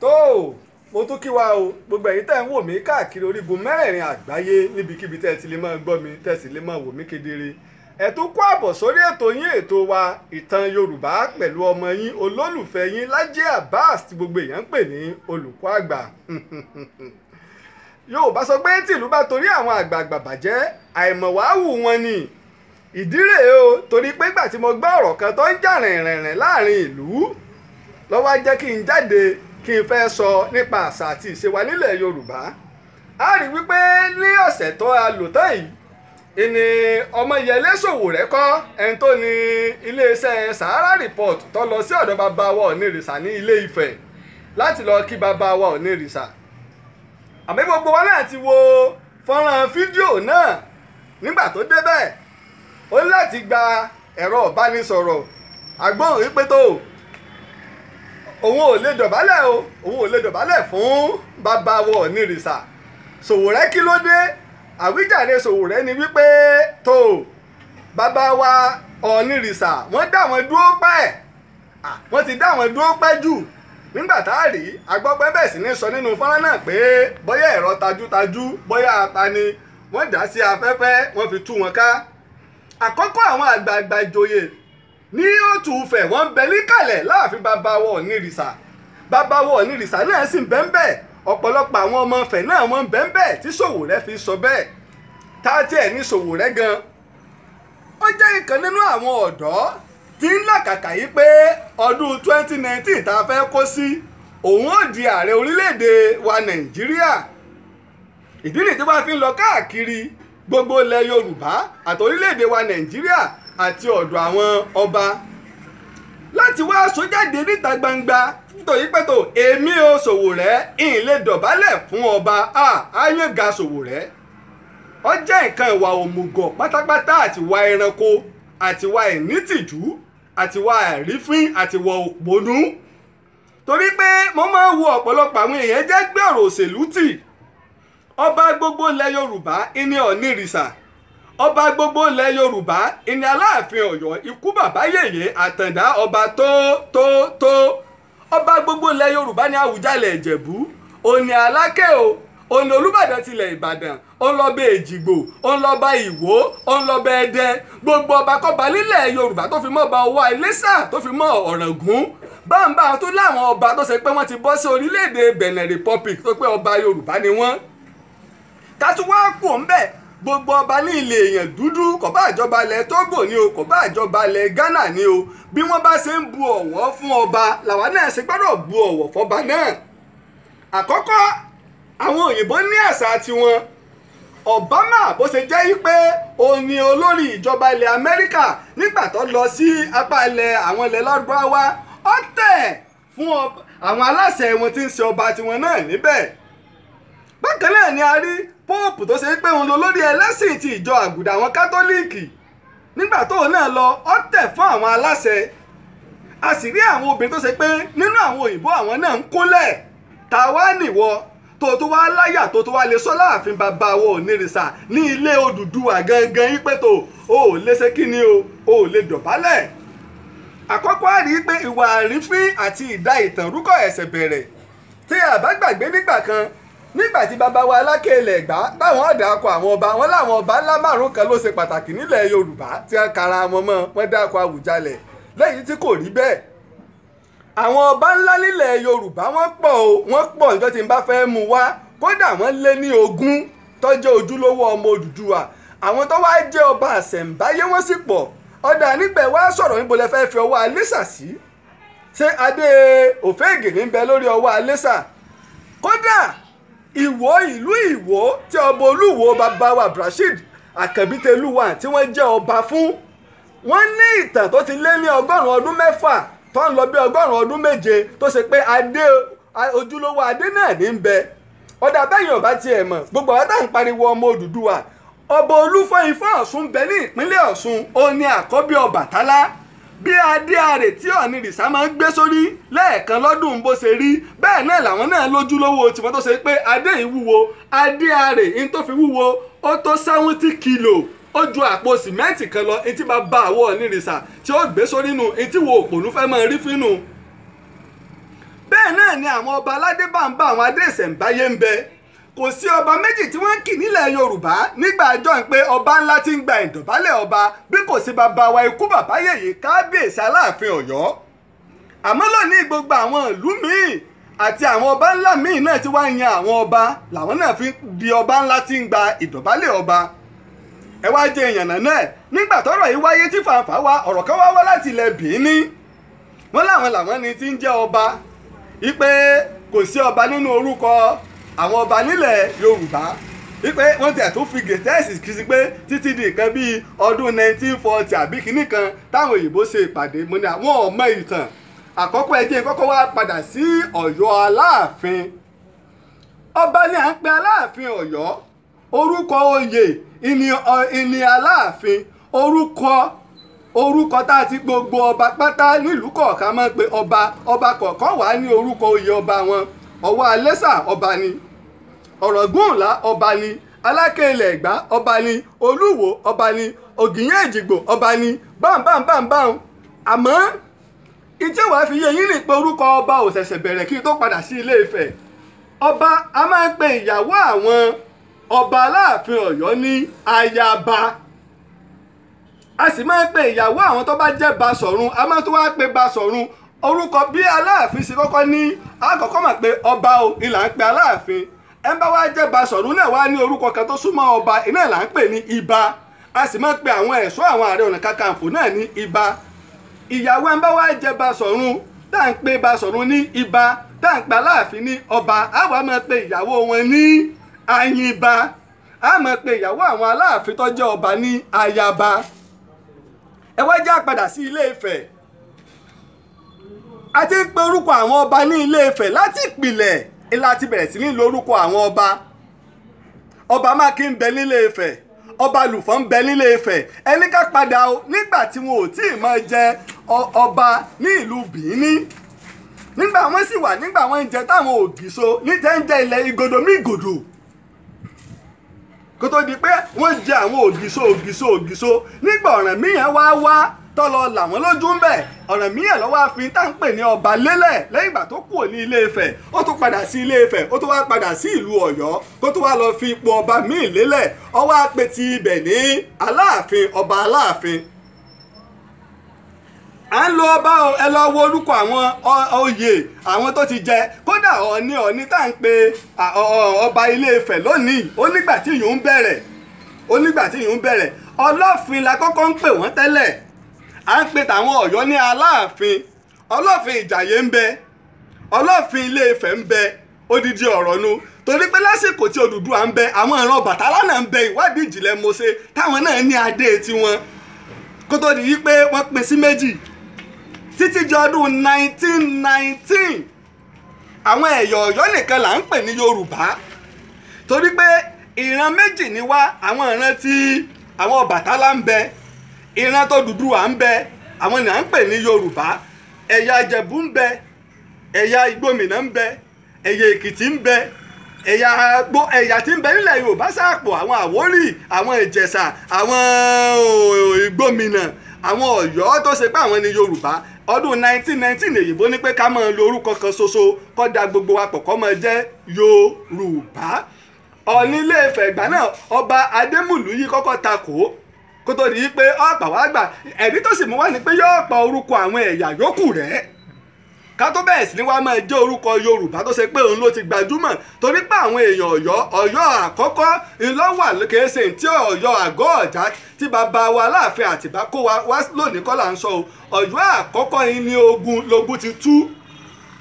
tó o mo tún kí wa o gbogbo ẹ̀yin tẹ́ ń wò mí káàkiri orígun mẹ́rẹ̀ẹ̀rin àgbáyé níbikíbi tẹ́ ẹ ti lè máa gbọ́ mi tẹ́ ẹ sì lè máa wò mí kedere ẹ tún kó àbọ̀ sórí ètò yín ètò wa ìtàn yorùbá pẹ̀lú ọmọ yín olólùfẹ́ yín Lájí Abbas tí gbogbo èèyàn ń pè ní olùkọ́ àgbà yorùbá sọ pé tìlú bá torí àwọn àgbààgbà bàjẹ́ àìmọ̀wáhù wọn ni ìdí rèé o torí pé gbà tí mo gbọ́ ọ̀rọ̀ kan tó ń jà rìnrìnrìn láàrin ìlú ló wá jẹ́ kí n jáde kí n fẹ́ sọ nípa àṣà àti ìṣe wa nílẹ̀ Yorùbá a rí wípé ní ọ̀sẹ̀ tó a lò tán yìí ìní Ọmọyẹlé Sowore kọ́ ẹni tó ní iléeṣẹ́ Sahara Report tó lọ sí ọ̀dọ̀ bàbá wa Ọ̀nìrìṣà ní Ilé Ifẹ̀ láti lọ kí bàbá wa Ọ̀nìrìṣà àmọ́ gbogbo wa náà ti wo fọ́nrán fídíò náà nígbà tó débẹ̀ ó ní láti gba ẹ̀rọ ìbánisọ̀rọ̀ àgbọ̀n wípé òun ò lè dọ̀bálẹ̀ o òun ò lè dọ̀bálẹ̀ fún bàbá wọ nírìsà Sòwòrẹ́ kí ló dé àwíjàre Sòwòrẹ́ ni wípé tó bàbá ọ̀nìrìsà wọ́n dá wọn dúró pẹ́ wọ́n ti dá wọn dúró pẹ́ jù nígbà tá a rí agbọ́pẹ́ bẹ́ẹ̀ sì ní sọ nínú fọ́nrán náà pé bóyá ẹ̀rọ tajútajú bóyá apani wọ́n dá sí afẹ́fẹ́ wọ́n fi tú wọn ká àkọ́kọ́ àwọn àgbààgbà ìjòyè ní òtún fẹ̀ wọ́n bẹ níkàlẹ̀ láàfin bàbá wọ̀ onírìṣà bàbá wọ̀ onírìṣà náà sì ń bẹ́ ń bẹ̀ ọ̀pọ̀lọpọ̀ àwọn ọmọ ọ̀fẹ́ náà wọ́n ń bẹ́ ń bẹ̀ tí fi sọ bẹ́ẹ̀ tá a tiẹ̀ ní Sòwòrẹ́ gan ó jẹ́ ìkan nínú àwọn ọ̀dọ́ tí ń làkàkà yìí pé ọdún 2019 tá a fẹ́ kó sí òun ó di ààrẹ orílẹ̀-èdè wa Nàìjíríà ìdí nìyí tí wọ́n fi ń lọ káàkiri gbogbo ilẹ̀ Yorùbá àti orílẹ̀-èdè wa Nàìjíríà àti ọ̀dọ̀ àwọn ọba láti wá aṣọ jáde níta gbangba nítorí pẹ́tò èmi ò Sòwòrẹ́ ìhìn lè dọ̀bálẹ̀ fún ọba àyànga Sòwòrẹ́ ó jẹ́ nǹkan ìwà òmùgọ̀ pátápátá àti ìwà ẹranko àti ìwà ìnítìjú àti ìwà àrífín àti ìwà òpònú torí pé mo máa ń wo ọ̀pọ̀lọpọ̀ àwọn èèyàn jẹ́ gbẹ̀rọ òṣèlú tì ọba gbogbo ilẹ̀ Yorùbá ìní ọ̀nìrìṣà ọba gbogbo ilẹ̀ yorùbá ìní aláàfin ọ̀yọ́ ikú bàbá yèyé àtàndá ọba tó tó tó ọba gbogbo ilẹ̀ yorùbá ní àwùjalẹ̀ ìjẹ̀bú òní aláké o òní olúbàdàn tilẹ̀ ìbàdàn ònlọba èjìgbò ònlọba ìwó ònlọba ẹdẹ gbogbo ọba kọba nílẹ̀ yorùbá tó fi mọ́ ọba ọwọ́ iléṣà tó fi mọ́ ọ̀ràngún báńbá tó láwọn ọba tó ṣe pé wọ́n ti bọ́ sí orílẹ̀-èdè benin republic tó pé ọba yorùbá ni wọ́n ká tún wá kù ń bẹ́ẹ̀ gbogbo ọba ní ilé èèyàn dúdú kò bá àjọba ilẹ̀ Togo ni o kò bá àjọba ilẹ̀ Ghana ni o bí wọ́n bá ṣe ń bu ọ̀wọ̀ fún ọba làwa náà ṣe gbọ́dọ̀ bu ọ̀wọ̀ fọba náà àkọ́kọ́ àwọn òyìnbó ní àṣà tiwọn Obama bó ṣe jẹ́ pé ó ní olórí ìjọba ilẹ̀ Amẹ́ríkà nígbà tó lọ sí apá ilẹ̀ àwọn ilẹ̀ Lárúbáwá ó tẹ̀ fún àwọn aláṣẹ wọn tí ń ṣe ọba tiwọn náà níbẹ̀ bákan náà ni a rí póòpù tó ṣe pé òun lo lórí ẹlẹ́sìn ti ìjọ àgùdà àwọn kátólíìkì nígbà tóun náà lọ ó tẹ̀ fún àwọn aláṣẹ a sì rí àwọn obìnrin tó ṣe pé nínú àwọn òyìnbó àwọn náà ń kúnlẹ̀ ta wá nìwọ tó tó wá láyà tó tó wá lè sọ láàfin bàbá wo onírìṣà ní ilé Odùduwà gangan yí o ò lè kí ni o ò lè dọ̀bálẹ̀ àkọ́kọ́ àrí pé ìwà àrífín àti ìdá ìtàn rúkọ̀ ẹ̀sẹ̀ bẹ̀rẹ̀ tí a bá gbàgbé nígbà kan nígbà tí bàbá wa alákẹ́lẹ̀ gbá báwọn ọ̀dà akọ àwọn ọba wọn láwọn ọba ńlá márùn kan ló ṣe pàtàkì nílẹ̀ yorùbá tí wọ́n kara wọn mọ́ wọ́n dákọ̀ àwùjalẹ̀ lẹ́yìn tí kò rí bẹ́ẹ̀ àwọn ọba ńlá nílẹ̀ yorùbá wọ́n pọ̀ o wọ́n pọ̀ níjọ́ tí n bá fẹ́ mú wá kódà wọ́n lé ní ogún tó ojúlówó ọmọ òdùdúwà àwọn tó wá jẹ́ ọba àṣẹ̀ǹbáyé wọ́n sì pọ̀ ọ̀dà nígbẹ̀ wá sọ̀rọ̀ níbo lẹ fẹ́ fi ọwọ́ alẹ́sà sí ṣé adé òfégè ní bẹ lórí ọwọ́ alẹ́sà kódà ìwó ìlú ìwó tí ọba olúwo bàbá wa Abdulrasheed àkànbítelúwa tí wọ́n jẹ́ ọba fún wọ́n ní ìtàn tó ti lé ní ọgọ́rùn-ún ọdún mẹ́fà tó ń lọ bí ọgọ́rùn-ún ọdún méje tó ṣe pé adé ojúlówó adé náà ní ń bẹ ọ̀dà bẹ́yìn ọba tiẹ̀ mọ̀ gbogbo àwọn tá à ń pariwo ọmọ Odùduwà ọba Olúfọ̀n Ifá Ọ̀ṣun bẹ ní ìpínlẹ̀ Ọ̀ṣun ó ní àkọ́bí Ọbàtálá bí adé àrè tí ọ̀ni rìsà máa ń gbé sórí lẹ́ẹ̀kan lọ́dún bó ṣe rí bẹ́ẹ̀ náà làwọn náà lójúlówó tiwọn tó ṣe pé adé yìí wúwo adé àrè ní tó fi wúwo ó tó seventy kilo ó ju àpò sìmẹ́ǹtì kan lọ etí bá bá àwọ̀ ọ̀ni rìsà tí ó gbé sórí nu etí wo òpònú fẹ́ máa rí fínú. bẹ́ẹ̀ náà ni àwọn ọba aládé bá ń bá àwọn adé ìṣẹ̀ǹbáyé ń bẹ kò sí ọba méjì tí wọ́n ń kì nílẹ̀ yorùbá nígbà àjọ ń pé ọba ńlá ti ń gba ìdọ̀bálẹ̀ ọba bí kò sí bàbá wa ikú bàbá yèyé kábíyèsí aláàfin ọ̀yọ́ àmọ́ lónìí gbogbo àwọn ìlú míì àti àwọn ọba ńlá míì náà ti wá yan àwọn ọba làwọn náà fi di ọba ńlá ti ń gba ìdọ̀bálẹ̀ ọba ẹ wá jẹ ìyànnà náà nígbà tọ́rọ̀ yìí wáyé tí fàǹfà wa ọ̀rọ̀ kan wá wá láti ilẹ̀ bìíní wọn làwọn làwọn ni ti ń jẹ́ ọba ipe kò sí ọba nínú orúkọ àwọn ọba nílẹ̀ yorùbá wípé wọ́n tẹ̀ tún fi gẹ̀tẹ́ẹ̀sì kì í sí pé títí di nǹkan bíi ọdún 1940 àbí kínní kan táwọn òyìnbó ṣe ìpàdé mo ní àwọn ọmọ ìtàn àkọ́kọ́ ẹjẹ́ kọ́kọ́ wá padà sí ọ̀yọ́ aláàfin ọba ni à ń pe aláàfin ọ̀yọ́ orúkọ oyè ìní aláàfin orúkọ orúkọ tá a ti gbogbo ọba pátá nílùú kọ̀ọ̀kan máa ń pe ọba ọba kọ̀ọ̀kan wà ní orúkọ oyè ọba wọn ọwọ́ alẹ́sà ọba ni ọ̀rọ̀gúnla ọba ni alákẹ́lẹ̀ ẹ̀gbá ọba ni olúwo ọba ni ògìyàn èjìgbò ọba ni bámbámbámbám àmọ́ ìjẹ́ wàá fi yé yín ní pé orúkọ ọba ò ṣẹ̀ṣẹ̀ bẹ̀rẹ̀ kí n tó padà sí ilé Ifẹ̀ ọba a máa ń pe ìyàwó àwọn ọba aláàfin Ọ̀yọ́ ní ayaba a sì máa ń pe ìyàwó àwọn tó bá jẹ́ Basọ̀run a máa tún wá pe Basọ̀run orúkọ bí aláàfin ṣe kọ́kọ́ ní àkọ́kọ́ mọ̀ pé ọba o ìlà ń pe aláàfin ẹ wa bá wá jẹ́ Basọ̀rún náà wá ní orúkọ kan tó súnmọ́ ọba iná là ń pè ní ibà a sì máa ń pe àwọn ẹ̀ṣọ́ àwọn ààrẹ ọ̀nà kakanfò náà ní ibà ìyàwó ẹ ń bá wá jẹ́ Basọ̀rún tá à ń pe Basọ̀rún ní ibà tá à ń pe Aláàfin ní ọba a wá máa pe ìyàwó wọn ní ayinba a máa pe ìyàwó àwọn Aláàfin tó jẹ́ ọba ní ayaba ẹ wá já padà sí Ilé Ifẹ̀ a ti ń pe orúkọ àwọn ọba ní Ilé Ifẹ̀ láti ìpìlẹ̀ ilá ti bẹ̀rẹ̀ sí ní lórúkọ àwọn ọba ọba mákì ń bẹ nílé Ifẹ̀ ọba lùfọ̀n ń bẹ nílé Ifẹ̀ ẹni ká padà o nígbà tí wọn ò tí ì máa jẹ ọba ní ìlú Bìíní nígbà wọn sì wà nígbà wọn ń jẹ táwọn ògìso níjẹ́ ń jẹ ilẹ̀ igodo mí ìgòdò kó tó di pé wọ́n jẹ àwọn ògìso ògìso ògìso nígbà ọ̀ràn míyàn wá wá tọ́lọ làwọn lójú ń bẹ̀ Ọ̀rànmíyàn ló wá fi tá ń pè ní ọba lélẹ̀ lẹ́yìn ìgbà tó kúrò ní ilé Ifẹ̀ ó tún padà sí ilé Ifẹ̀ ó tún wá padà sí ìlú Ọ̀yọ́ kó tún wá lọ fi ipò ọba míì lélẹ̀ ó wá ibẹ̀ ní Aláàfin ọba Aláàfin à ń lo ọba ẹ lọ wo orúkọ àwọn oyè àwọn tó ti jẹ kódà ọ̀ọ́ni ọ̀ọ́ni tá ń pe ọba ilé Ifẹ̀ lónìí onígbà tí ìyún bẹ̀rẹ̀ onígbà tí ìyún bẹ̀rẹ̀ ọlọ́fin la kọ́kọ́ ń pè wọ́n tẹ́lẹ̀ a ń pè tàwọn ọ̀yọ́ ní aláàfin ọlọfin ìjàyè ń bẹ ọlọ́fin ilé ifẹ̀ ń bẹ odidi ọ̀rọ̀ nu torí pé lásìkò tí Odùduwà ń bẹ àwọn ìran Ọbàtálá náà ń bẹ ìwádìí ìjìnlẹ̀ mo táwọn náà ní adé tiwọn kó tó di yí pé wọn pín sí méjì títí di ọdún 1919 àwọn ẹyọ Ọyọ nìkan là ń pè ní Yorùbá torí pé ìran méjì ni wá àwọn ìran tí àwọn Ọbàtálá ń bẹ ìran tó dúdú wà ń bẹ àwọn ènìyàn ń pè ní yorùbá ẹ̀yà ìjẹ̀bú ń bẹ ẹ̀yà ìgbòmìnà ń bẹ ẹ̀yà èkìtì ń bẹ ẹ̀yà gbó ẹ̀yà tí ń bẹ nílẹ̀ yorùbá sàpọ̀ àwọn àwórì àwọn àwọn oh, ìgbòmìnà àwọn ni yorùbá ọdún 1919 èyìnbó ní pé ká máa lo orúkọ kan ṣoṣo da gbogbo wa pọ̀ máa jẹ́ yorùbá ìgbà náà ọba kó tó di pé ọ̀pá wàá gbà ẹ̀rí tó sì mú wá ni pé yóò pa orúkọ àwọn ẹ̀yà yòókù rẹ̀ ká tó bẹ̀rẹ̀ sí ni wàá máa jẹ́ orúkọ yorùbá tó ṣe pé òun ló ti gbajúmọ̀ torí pé àwọn èèyàn ọ̀yọ́ ọ̀yọ́ àkọ́kọ́ ńlọ́wà kèése tí ọ̀yọ́ àgọ́ ọ̀já tí bàbá wa aláàfin àtìbá kó wa wá lónìí kọ́ là ń sọ ọ̀yọ́ àkọ́kọ́ yìí ni ogun logun ti tú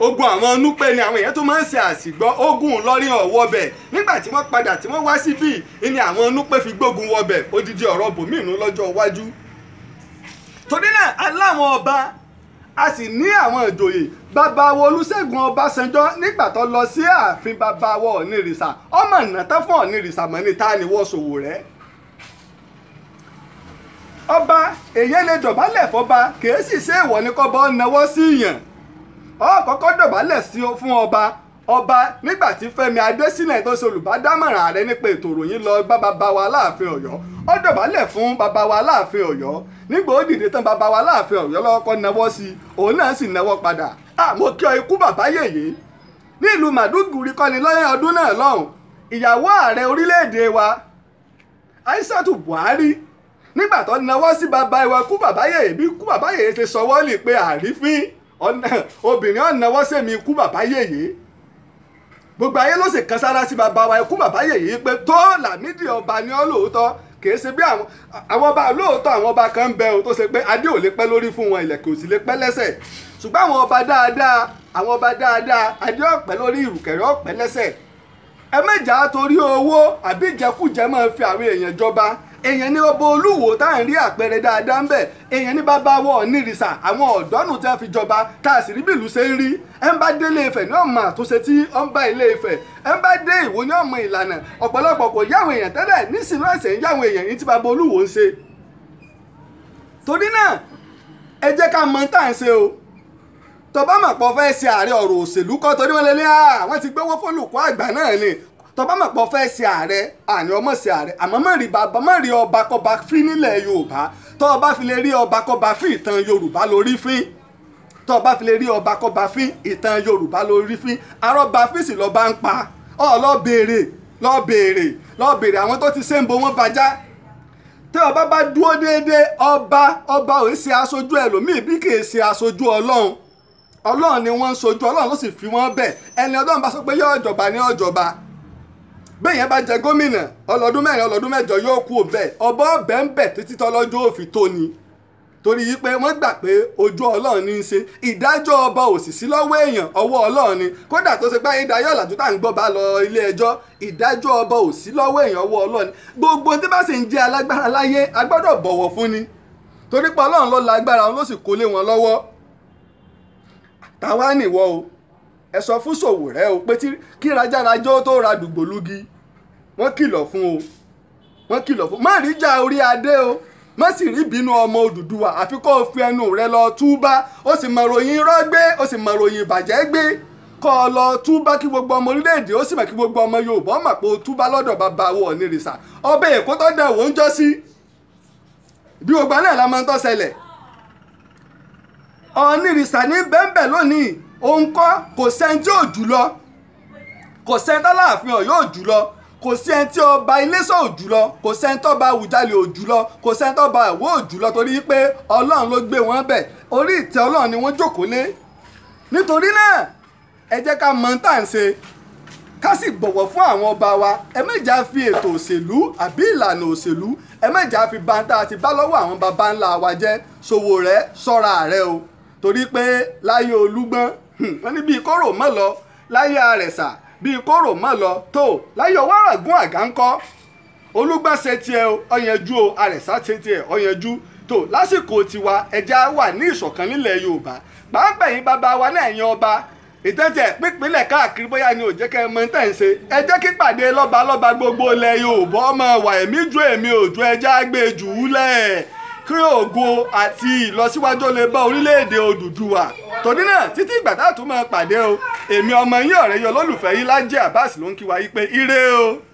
ogun àwọn onúpẹ ni àwọn èèyàn tó máa ń ṣe àsìgbọ́ ogun lọ́rí ọ̀wọ́ bẹ̀ nígbà tí wọ́n padà tí wọ́n wá síbí ni àwọn onúpẹ fi gbógun wọbẹ̀ odidi ọ̀rọ̀ bòmínú lọ́jọ́ iwájú. torí náà aláwọn ọba a sì ní àwọn ìjòyè babawo olúṣẹ́gun ọbásanjọ́ nígbà tó lọ sí ààfin babawo onírìṣà ọmọ ìnàtán fún onírìṣà mọ́ ní ta ni wọ́n ṣòwò rẹ̀ ọba èyí lè dọ̀bálẹ̀ fọba kì í sì ṣe ìwọ ní kọ́bọ̀ náwó sí yàn ọ kọ́kọ́ dọ̀bálẹ̀ sí fún ọba ọba nígbà tí Fẹ́mi Adésínà tó ṣe olùbádámọ̀ràn ààrẹ nípa ètò ìròyìn lọ bá bàbá wa láàfin Ọ̀yọ́ ọ dọ̀bálẹ̀ fún bàbá wa láàfin Ọ̀yọ́ nígbà ó dìde tán bàbá wa láàfin Ọ̀yọ́ lọ́kọ́ nawọ́ sí i òun náà sì nawọ́ padà àmọ́ kí ọ ikú bàbá yèyé ní ìlú Màdúgùrí kọ́ni lọ́yìn ọdún náà lọ́hùn ìyàwó ààrẹ orílẹ̀-èdè wa Aishatu Buhari nígbà tó nawọ́ sí bàbá ìwà ikú bàbá yèyé bí ikú bàbá yèyé ṣe sọwọ́ lì pé àrífín obìnrin ọ̀nàwọ́ sèmi ikú bàbá yèyé gbogbo ayé ló sì kan sára sí bàbá wa ikú bàbá yèyé pé tó làmídìí ọba ni ọ́ lóòótọ́ kìí ṣe bí àwọn àwọn ọba lóòótọ́ àwọn ọba kan ń bẹ o tó ṣe pé adé ò lè pẹ́ lórí fún wọn ilẹ̀kẹ̀ ò sì lè pẹ́ lẹ́sẹ̀ ṣùgbọ́n àwọn ọba dáadáa àwọn ọba dáadáa adé ọ̀pẹ́ lórí ìrùkẹ̀rẹ̀ ọ̀pẹ́ lẹ́sẹ̀ ẹ mẹ́jà torí owó àbí ìjẹkújẹ máa fi àwọn èèyàn jọba èèyàn ní ọba olúwo tá à ń rí àpẹẹrẹ dáadáa ń bẹ èèyàn ní wọ nírìsà àwọn ọ̀dọ́nù tí wọ́n fi jọba tá a sì rí bìlú ṣe ń rí ẹ dé ilé Ifẹ̀ ní ọmọ àtúnṣe tí ọ ń bá ilé Ifẹ̀ ẹ ń dé ìwò ní ọmọ ìlànà ọ̀pọ̀lọpọ̀ kò àwọn èèyàn tẹ́lẹ̀ nísìnyí ẹ̀sẹ̀ ń èèyàn yìí tí olúwo ń torí náà ẹ jẹ́ ká mọ tá à o tọ́ba mọ̀ pọ̀ fẹ́ ṣe ààrẹ àní ọmọ ṣe ààrẹ àmọ́ mọ̀ rí bàbá mọ̀ rí ọba kọba fín nílẹ̀ yorùbá tọ́ba fi lè rí ọba kọba fín ìtàn yorùbá lórí fín tọ́ba fi lè rí ọba kọba fín ìtàn yorùbá lórí fín arọ́ba fín sì lọ́ba ń pa ọ̀ lọ́ọ́ béèrè lọ́ọ́ àwọn tó ti ṣe ń bo wọ́n bajá tẹ ọba bá dúró déédéé ọba ọba ò ṣe aṣojú ẹlòmíì bí kì í ṣe aṣojú ọlọ́run ọlọ́run ni wọ́n ń ṣojú ọlọ́run ló sì fi wọ́n bẹ̀ ẹni ọlọ́run bá sọ pé yọ ọ̀jọ̀ba ní ọ̀jọ̀ba bẹ́ẹ̀yẹn bá jẹ gómìnà ọlọ́dún mẹ́rin ọlọ́dún mẹ́jọ yóò kú bẹ́ẹ̀ ọba ọbẹ̀ ń bẹ̀ títí tọ́lọ́jọ́ òfin tó ni torí yìí pé wọ́n gbà pé ojú ọlọ́run ní í ṣe ìdájọ́ ọba òṣìṣí lọ́wọ́ èèyàn ọwọ́ ọlọ́run ni kódà tó ṣe pé ìdájọ́ ọ̀làjú tá à ń gbọ́ bá lọ ilé ẹjọ́ ìdájọ́ ọba lọ́wọ́ èèyàn ọwọ́ ọlọ́run gbogbo tí bá sì ń alágbára láyé a gbọ́dọ̀ bọ̀wọ̀ fún ni torí pé ọlọ́run ló sì wọ́n kìlọ̀ fún o wọ́n kìlọ̀ fún má rí ìjà orí adé o má sì rí ìbínú ọmọ Odùduwà àfi kó o fi ẹnu rẹ lọ túbá ó sì mọ ròyìn irọ́ gbé ó sì mọ ròyìn ìbàjẹ́ gbé kọ́ ọ lọ túbá kí gbogbo ọmọ orílẹ̀-èdè ó sì mọ̀ kí gbogbo ọmọ Yorùbá ó mọ̀ pé o túbá lọ́dọ̀ bàbá wo ọ̀nìrìsà ọbẹ̀ èkó tó dẹ̀ wò ń jọ́ sí bí gbogbo náà la máa ń tọ́ ṣẹlẹ̀ ọ̀nìrìsà ní bẹ́ńbẹ́ lónìí òun kọ́ kò sẹ́ńtì òjù lọ kò sẹ́ńtì aláàfin ọ̀ yóò jù kò sí ẹni tí ọba iléṣà ò jùlọ kò sẹ́ni tó ba àwùjalè ò jùlọ kò sẹ́ni tó ba àwọ̀ ò jùlọ torí pé ọlọ́run ló gbé wọn bẹ̀ orí ìtẹ́ ọlọ́run ni wọ́n jókòó lé nítorí náà ẹ jẹ́ ká mọ tá à ń ṣe ká sì bọ̀wọ̀ fún àwọn ọba wa ẹ mẹ́jà fi ètò òṣèlú àbí ìlànà òṣèlú ẹ mẹ́jà fi bàǹtà àti bá lọ́wọ́ àwọn baba ńlá wa jẹ́ ṣòwò rẹ sọ́ra rẹ o torí pé láyé olúgbọ́n wọ́n níbi ìkóró mọ́ lọ láyé àrẹ̀sà bíi kóró mọ́ lọ tó láyọ̀ wàrà gún àgá ń kọ́ olùgbàsẹ̀ tiẹ̀ ọ̀yẹ̀jú o àrẹ̀sà tiẹ̀ ọ̀yẹ̀jú tó lásìkò tiwa ẹja wà ní ìṣọ̀kan nílẹ̀ yorùbá pàápàá bàbá wa náà yan ọba ìtẹ́tẹ̀ pípínlẹ̀ káàkiri bóyá ni ò jẹ́ kẹ́ ẹ mọ tẹ̀ ń ṣe ẹ jẹ́ kí pàdé lọ́balọ́ba gbogbo ilẹ̀ yorùbá ọmọ wà ẹ̀mí ju èmi òjò ẹja gbé jù kí ògo àti ìlọsíwájú lè bá orílẹ̀-èdè Odùduwà tòní náà títí ìgbà tá a tún máa pàdé o èmi ọmọ yín ọ̀rẹ́ yín olólùfẹ́ yín Lájí Abbas ló ń kí wa yí pé ire o.